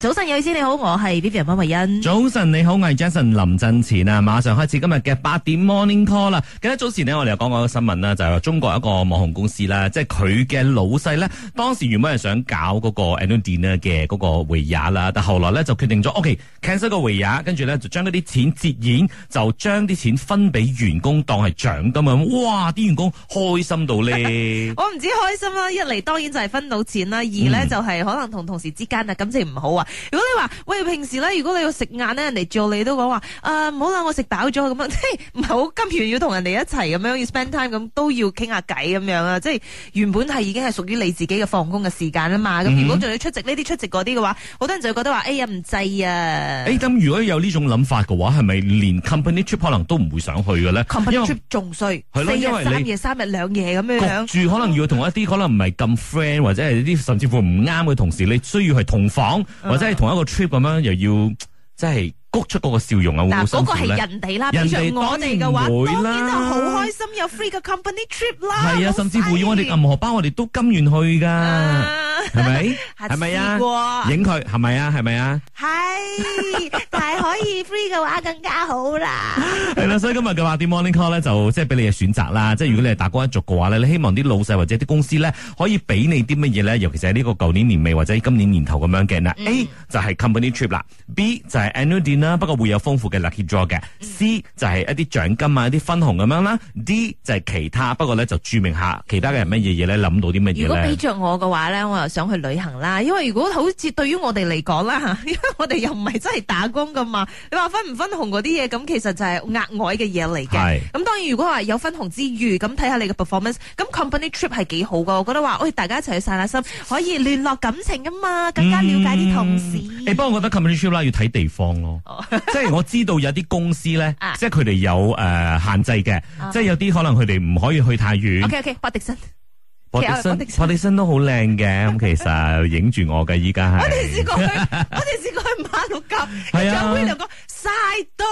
早晨，有線。你好，我係 Vivian 溫慧欣。早晨你好，我係 Jason 林振前啊！馬上開始今日嘅八點 Morning Call 啦。記得早前呢，我哋有講過一個新聞啦，就係話中國一個網紅公司啦，即係佢嘅老細咧，當時原本係想搞嗰個 annual dinner 嘅嗰個會議啦，但後來咧就決定咗 OK cancel 個會議，跟住咧就將嗰啲錢折現，就將啲錢分俾員工當係獎金咁。哇！啲員工開心到咧， 我唔止開心啦，一嚟當然就係分到錢啦，二咧就係可能同同事之間啊感情唔好啊。嗯如果你話喂平時咧，如果你要食晏咧，人哋做你,你都講話啊，唔好啦，我食飽咗咁啊，即係唔係好甘願要同人哋一齊咁樣要 spend time 咁，都要傾下偈咁樣啊，即係原本係已經係屬於你自己嘅放工嘅時間啊嘛，咁如果仲要出席呢啲出席嗰啲嘅話，好多人就會覺得話哎呀唔制啊，誒咁、欸、如果有呢種諗法嘅話，係咪連 company trip 可能都唔會想去嘅咧？company trip 仲衰，係咯，因為三日三日兩夜咁樣住，可能要同一啲可能唔係咁 friend 或者係啲甚至乎唔啱嘅同事，你需要係同房。嗯即係同一個 trip 咁樣又要即係谷出嗰個笑容會會笑啊！嗱，嗰個係人哋啦，譬如我哋嘅話，當然都好開心，有 free 嘅 company trip 啦。係啊，甚至乎要我哋銀荷包，我哋都甘願去噶。啊係咪？係咪啊？影佢係咪啊？係咪啊？係，但係可以 free 嘅話更加好啦。係啦，所以今日嘅話啲 Morning Call 咧，就即係俾你嘅選擇啦。即係如果你係打工一族嘅話咧，你希望啲老細或者啲公司咧，可以俾你啲乜嘢咧？尤其是喺呢個舊年年尾或者今年年頭咁樣嘅。嗱，A 就係 company trip 啦，B 就係 annual dinner 啦，不過會有豐富嘅 lucky draw 嘅，C 就係一啲獎金啊、一啲分紅咁樣啦，D 就係其他，不過咧就注明下其他嘅人乜嘢嘢咧諗到啲乜嘢咧？如果俾着我嘅話咧，我又。想去旅行啦，因為如果好似對於我哋嚟講啦，因為我哋又唔係真係打工噶嘛，你話分唔分紅嗰啲嘢，咁其實就係額外嘅嘢嚟嘅。咁是當然，如果話有分紅之餘，咁睇下你嘅 performance，咁 company trip 係幾好噶，我覺得話，大家一齊去散下心，可以聯絡感情噶嘛，更加了解啲、嗯、同事。誒不過我覺得 company trip 啦，要睇地方咯，哦、 即係我知道有啲公司咧，啊、即係佢哋有誒、呃、限制嘅，啊、即係有啲可能佢哋唔可以去太遠。O K O K，我哋身，我哋身都好靚嘅，咁 其實影住我嘅依家係。我哋試過去，我哋試過去馬六甲， 有邊兩個？晒到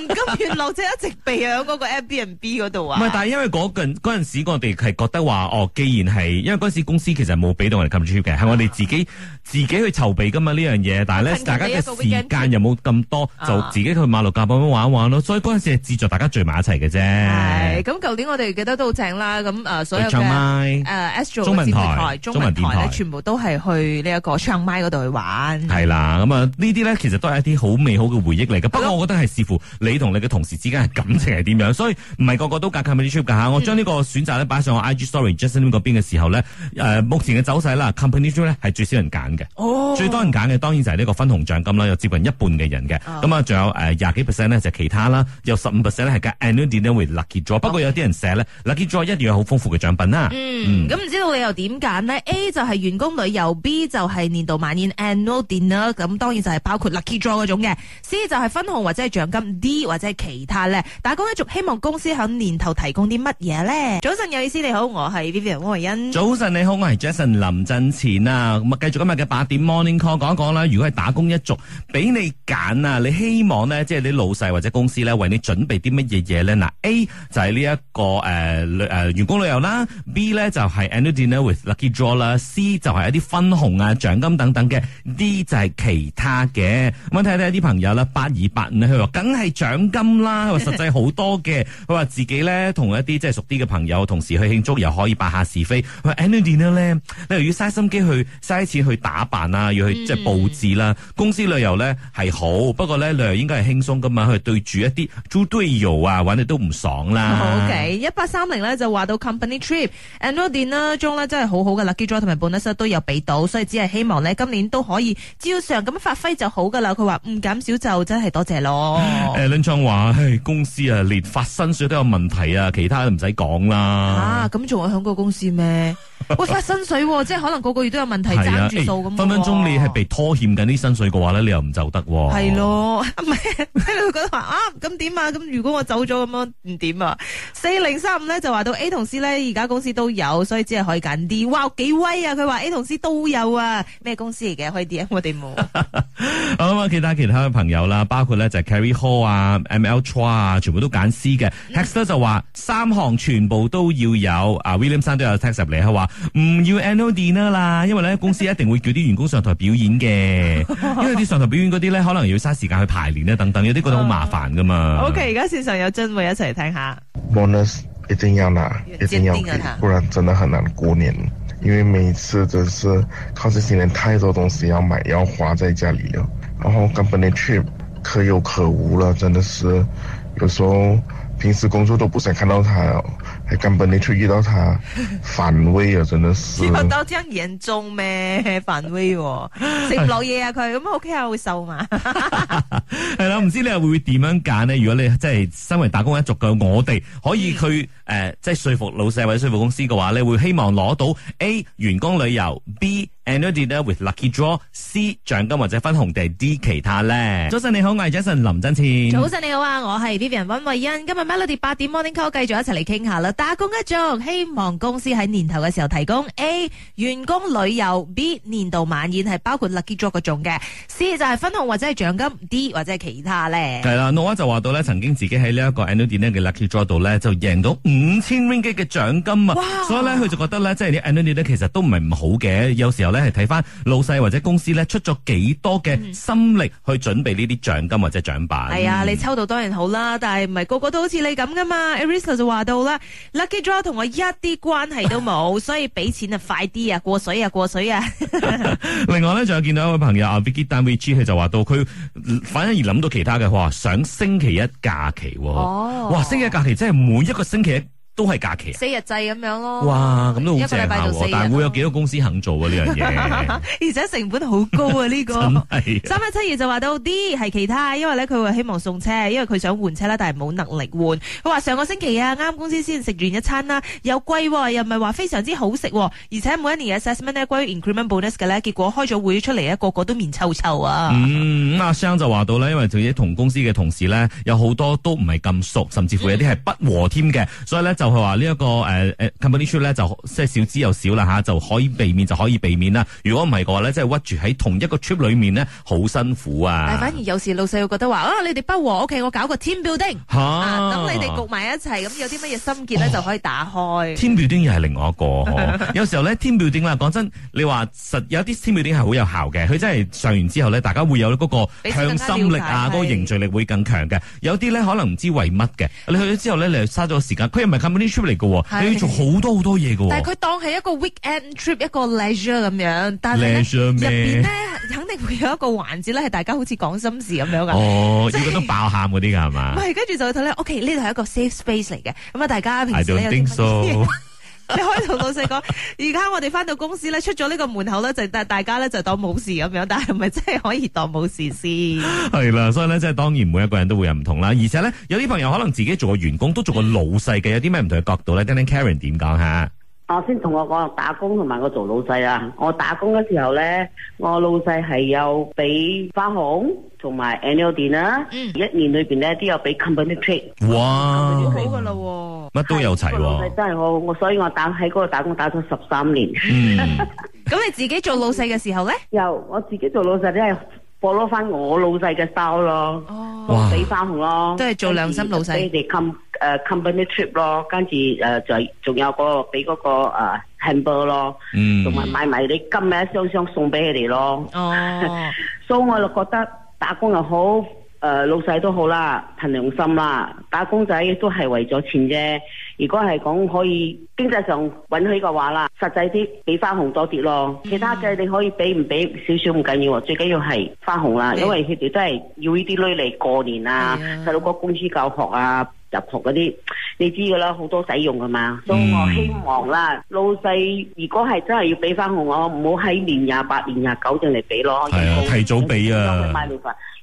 唔甘，亂露，只一直避喺嗰個 Airbnb 度啊！唔係，但係因為嗰陣嗰陣時，我哋係覺得話哦，既然係，因為嗰陣時公司其實冇俾到我哋咁 cheap 嘅，係我哋自己自己去籌備噶嘛呢樣嘢。但係咧，大家嘅時間又冇咁多，就自己去馬路夾步咁玩一玩咯。所以嗰陣時係志在大家聚埋一齊嘅啫。咁，舊年我哋記得都好正啦。咁啊，所有唱誒中文台、中文電台，全部都係去呢一個清邁嗰度去玩。係啦，咁啊，呢啲咧其實都係一啲好美好嘅回憶。不過我覺得係視乎你同你嘅同事之間嘅感情係點樣，嗯、所以唔係個個都揀 company trip 㗎吓、嗯、我將呢個選擇咧擺上我 IG story Justin 嗰邊嘅時候咧、嗯呃，目前嘅走勢啦，company trip 係最少人揀嘅，哦，最多人揀嘅當然就係呢個分紅獎金啦，有接近一半嘅人嘅，咁啊仲有廿幾 percent 咧就係、其他啦，有十五 percent、就、咧、是、係 annual dinner with lucky draw、嗯、不過有啲人寫咧 okay, lucky draw 一定要有好豐富嘅獎品啦，嗯，咁唔、嗯、知道你又點揀呢 A 就係員工旅遊，B 就係年度晚宴 annual dinner，咁當然就係包括 lucky draw 嗰種嘅，C 就係係分紅或者係獎金 D 或者係其他咧，打工一族希望公司喺年頭提供啲乜嘢咧？早晨，有意思你好，我係 Vivian 汪慧欣。早晨你好，我係 Jason 林振前啊。咁啊，繼續今日嘅八點 Morning Call 講一講啦。如果係打工一族，俾你揀啊，你希望咧，即、就、係、是、你老細或者公司咧為你準備啲乜嘢嘢咧？嗱，A 就係呢一個誒誒、呃呃呃、員工旅遊啦，B 咧就係 annual dinner with lucky draw 啦，C 就係一啲分紅啊獎金等等嘅，D 就係其他嘅。咁睇睇啲朋友啦，八。二八五佢話梗係獎金啦，佢話實際好多嘅，佢話 自己咧同一啲即係熟啲嘅朋友同時去慶祝，又可以八下是非。佢話 annual dinner 咧，你又要嘥心機去嘥錢去打扮啊，要去即係布置啦。公司旅遊呢係好，不過呢，旅遊應該係輕鬆噶嘛，去對住一啲做隊友啊，玩你都唔爽啦。OK，一八三零呢就話到 company trip annual dinner 中咧真係好好嘅啦，lucky draw 同埋 bonus 都有俾到，所以只係希望呢今年都可以照常咁發揮就好噶啦。佢話唔減少就真係多謝咯，誒，林暢話，唉，公司啊連發薪水都有問題啊，其他都唔使講啦。啊，咁仲有響個公司咩？喂，發薪、 哦、水、哦、即係可能個個月都有問題爭住數咁，分分鐘你係被拖欠緊啲薪水嘅話咧，你又唔就得、哦？係咯，唔你會覺得話啊，咁點啊？咁、啊、如果我走咗咁樣唔點啊？四零三五咧就話到 A 同事咧，而家公司都有，所以只係可以揀 D。哇，幾威啊！佢話 A 同事都有啊，咩公司嚟嘅？可以啲啊，我哋冇。好啊、 嗯，其他其他嘅朋友啦，包括咧就係、Carrie Hall 啊、M L Troy 啊，全部都揀 C 嘅。 Hexter 就話三行全部都要有 啊，Williamson 都有話。唔、嗯、要 annual dinner 啦，因為咧公司一定會叫啲員工上台表演嘅， 因為啲上台表演嗰啲咧可能要嘥時間去排練啊等等，有啲覺得好麻煩噶嘛。O K，而家線上有真會一齊聽下。Bonus 一定要拿，一定要俾，不然真的很難過年，因為每次真是靠這些年太多東西要買要花在家裏哦。然後根本 trip 可有可無啦，真的是有時候平時工作都不想看到他哦。根本你出遇到他反胃啊，真的是。咁多張嚴重咩反胃，食唔落嘢啊佢，咁、 啊、OK 啊會瘦嘛？係 啦， 唔知你又會點樣揀呢？如果你即係、就是、身為打工一族嘅我哋，可以佢誒，即係、嗯呃就是、說服老細或者說服公司嘅話咧，你會希望攞到 A 員工旅遊 B。annual dinner with lucky draw，C 獎金或者分紅定係 D 其他咧。早晨你好，我係 Jason 林真前。早晨你好啊，我係 Vivian 温慧欣。今日 Melody 八點 Morning Call 繼續一齊嚟傾下啦。打工一族希望公司喺年頭嘅時候提供 A 員工旅遊，B 年度晚宴係包括 lucky draw 嗰種嘅，C 就係分紅或者係獎金，D 或者係其他咧。係啦 Noah 就話到咧，曾經自己喺呢一個 annual dinner 嘅 lucky draw 度咧就贏到五千 ringgit 嘅獎金啊，哇所以咧佢就覺得咧，即係啲 annual dinner 其實都唔係唔好嘅，有時候。咧係睇翻老細或者公司咧出咗幾多嘅心力去準備呢啲獎金或者獎品。係啊、嗯哎，你抽到當然好啦，但係唔係個個都好似你咁噶嘛？Arisa 就話到啦，Lucky Draw 同我一啲關係都冇， 所以俾錢啊快啲啊過水啊過水啊！另外咧，仲有見到一位朋友啊 Vicky Dan V G，佢就話到佢反而諗到其他嘅，話想星期一假期喎，哦、哇！星期一假期真係每一個星期。都係假期，四日制咁樣咯。哇，咁都好正下喎！但會有幾多公司肯做啊？呢樣嘢，而且成本好高啊！呢個三月七月就話到啲係其他，因為咧佢話希望送車，因為佢想換車啦，但係冇能力換。佢話上個星期啊，啱啱公司先食完一餐啦，有貴喎，又唔係話非常之好食，而且每一年嘅 assessment 咧關於 increment bonus 嘅咧，結果開咗會出嚟一個個都面臭臭啊！嗯，阿、啊、湘就話到咧，因為仲有同公司嘅同事咧，有好多都唔係咁熟，甚至乎有啲係不和添嘅，嗯、所以咧就係話呢一個誒誒、uh, uh, company trip 呢就即係少之又少啦嚇、啊，就可以避免，就可以避免啦。如果唔係嘅話即係屈住喺同一個 trip 裏面呢，好辛苦啊！但反而有時老細會覺得話、啊，你哋不和我，我搞個 team building 咁、啊啊、你哋焗埋一齊，咁有啲乜嘢心結就可以打開。哦、team building 又係另外一個。 有時候呢 team building 講真，你話實有啲 team building 係好有效嘅，佢真係上完之後呢，大家會有嗰個向心力啊，嗰個凝聚力會更強嘅。有啲呢，可能唔知為乜嘅，你去咗之後呢，你又嘥咗時間，佢又唔 trip 嚟嘅，你要做好多好多嘢嘅。但係佢當係一個 weekend trip，一個 leisure 咁樣。但係咧入邊咧，肯定會有一個環節咧，係大家好似講心事咁樣。哦，以要嗰啲爆喊嗰啲㗎係嘛？唔係，跟住就會睇咧。OK，呢度係一個 safe space 嚟嘅。咁啊，大家平時 你可以同老細講，而家我哋翻到公司咧，出咗呢個門口咧，就大大家咧就當冇事咁樣，但係咪真係可以當冇事先？係啦， 所以咧，即係當然每一個人都會有唔同啦。而且咧，有啲朋友可能自己做個員工，都做過老細嘅，有啲咩唔同嘅角度咧？聽聽 Karen 點講吓？我先同我講打工同埋我做老細啊，我打工嘅時候咧，我老細係有俾花紅同埋 annual din 啦，dinner，嗯、一年裏邊咧都有俾 company trip。哇 comp 乜都有齊喎，真係好我，所以我打喺嗰度打工打咗十三年。嗯，咁你自己做老細嘅時候咧？有，我自己做老細都係 follow 翻我老細嘅 style 咯，都俾分紅咯，都係做良心老細。俾你哋 com 誒，company trip 咯，跟住誒就仲有個俾嗰個誒 hamburger 咯，同埋買埋你今日一箱箱送俾佢哋咯。哦，所以我就覺得打工又好。誒、呃，老細都好啦，憑良心啦，打工仔都係為咗錢啫。如果係講可以經濟上允許嘅話啦，實際啲俾翻紅多啲咯。嗯、其他嘅你可以俾唔俾少少唔緊要，最緊要係翻紅啦，嗯、因為佢哋都係要呢啲女嚟過年啊，細佬哥公司教學啊。入學嗰啲，你知噶啦，好多使用噶嘛。所以我希望啦，老細如果係真係要俾翻紅，我唔好喺年廿八、年廿九正嚟俾咯。係提早俾啊！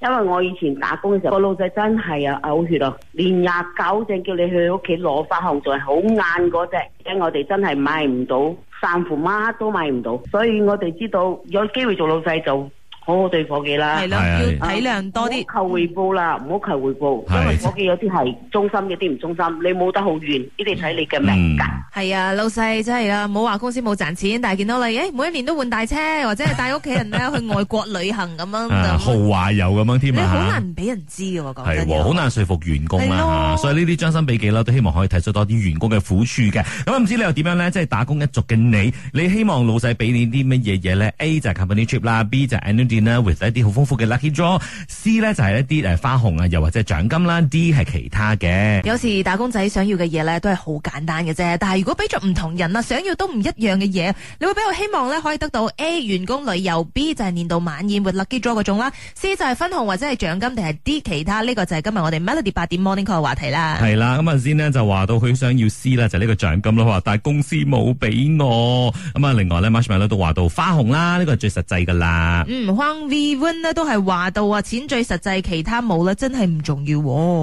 因為我以前打工嘅時候，個老細真係啊嘔血哦，年廿九正叫你去屋企攞分紅，仲係好晏嗰隻。因為我哋真係買唔到，散戶乜都買唔到，所以我哋知道有機會做老細做。好好對夥計啦，係啦，要體諒多啲，求回報啦，唔好求回報，因為夥計有啲係忠心，有啲唔忠心，你冇得好遠，依啲睇你嘅命格。係啊，老細真係啊，唔好話公司冇賺錢，但係見到你誒每一年都換大車，或者係帶屋企人咧去外國旅行咁樣，豪華遊咁樣添啊！你好難俾人知嘅喎，我覺得係喎，好難說服員工啦，所以呢啲將心比己啦，都希望可以提出多啲員工嘅苦處嘅。咁唔知你又點樣咧？即係打工一族嘅你，你希望老細俾你啲乜嘢嘢咧？A 就係 company trip 啦，B 就 annual 一啲好豐富嘅 lucky draw，C 咧就係一啲誒花紅啊，又或者獎金啦，D 係其他嘅。有時打工仔想要嘅嘢咧都係好簡單嘅啫，但係如果俾咗唔同人啦，想要都唔一樣嘅嘢，你會比較希望咧可以得到 A 員工旅遊，B 就係年度晚宴或 lucky draw 嗰種啦，C 就係分紅或者係獎金，定係 D 其他，呢個就係今日我哋 Melody 8點 morning call 嘅話題啦。係啦，咁啊先呢，就話到佢想要 C 啦，就呢個獎金咯，但係公司冇俾我。咁啊，另外呢，Marshmallow 都話到花紅啦，呢個係最實際噶啦。We win 都係話到啊，錢最實際，其他冇啦，真係唔重要。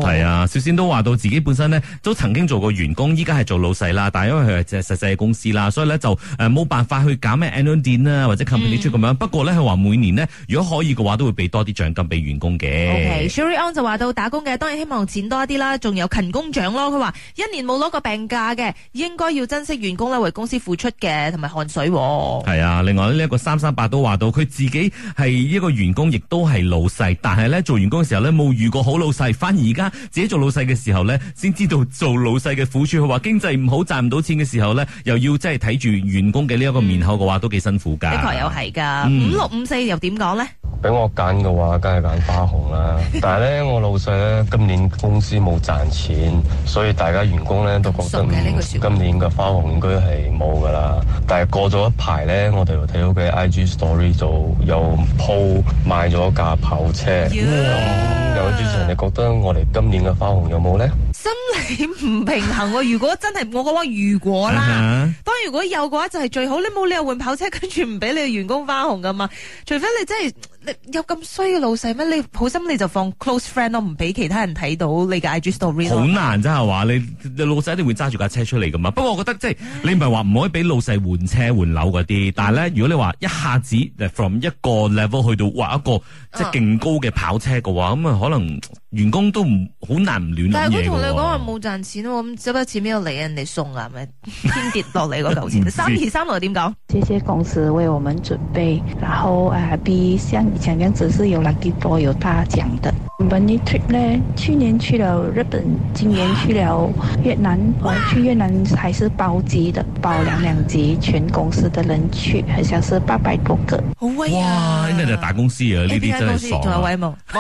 係啊，小仙都話到自己本身呢，都曾經做過員工，依家係做老細啦。但係因為佢係實細嘅公司啦，所以呢就誒冇辦法去搞咩 annual day 啦或者 company trip 咁樣。不過呢，佢話每年呢，如果可以嘅話，都會俾多啲獎金俾員工嘅。Okay, Sharon 就話到打工嘅當然希望錢多啲啦，仲有勤工獎咯。佢話一年冇攞過病假嘅，應該要珍惜員工呢，為公司付出嘅同埋汗水喎。係啊，另外呢一個三三八都話到佢自己係。係一個員工，亦都係老細，但係咧做員工嘅時候咧，冇遇過好老細，反而而家自己做老細嘅時候咧，先知道做老細嘅苦處。佢話經濟唔好賺唔到錢嘅時候咧，又要即係睇住員工嘅呢一個面口嘅話，嗯、都幾辛苦噶。是是的確、嗯、又係噶，五六五四又點講咧？俾我揀嘅話，梗係揀花紅啦。但係咧，我老細咧今年公司冇賺錢，所以大家員工咧都覺得唔。這個、今年嘅花紅應該係冇噶啦。但係過咗一排咧，我哋又睇到佢 I G story 做，又 po 賣咗架跑車。Yeah. 嗯、有主持人你覺得我哋今年嘅花紅有冇咧？心理唔平衡啊！如果真係我覺得如果啦， 當然如果有嘅話就係最好。你冇理由換跑車跟住唔俾你嘅員工花紅噶嘛？除非你真係。你有咁衰嘅老細咩？你好心你就放 close friend 咯，唔俾其他人睇到你嘅 I G store。好難真係話你，你老細一定會揸住架車出嚟噶嘛。不過我覺得即係唉你唔係話唔可以俾老細換車換樓嗰啲，但係咧如果你話一下子、就係、from 一個 level 去到哇一個即係勁高嘅跑車嘅話，咁啊、嗯、可能員工都好難唔亂是。但係我同你講話冇賺錢，咁收筆錢邊度嚟啊？啊人哋送啊？咪天跌落嚟嗰嚿錢，三跌三落點講？謝謝公司為我們準備，然後誒講講，以前只是有 lucky 幾多有大獎的。我呢 trip 呢去年去了日本，今年去了越南，哇去越南還是包機的，包兩兩級，全公司的人去，好像是八百多個。好威呀！哇，呢個是大公司這些啊，呢啲真係爽。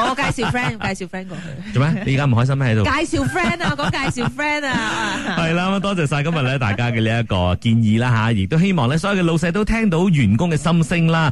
我介紹 friend， 介紹 friend 過去。做咩？你而家唔開心咩喺度？介紹 friend 啊，講介紹 friend 啊。係 啦，咁多謝晒今日咧大家嘅呢一個建議啦吓，亦都希望咧所有嘅老細都聽到員工嘅心聲啦。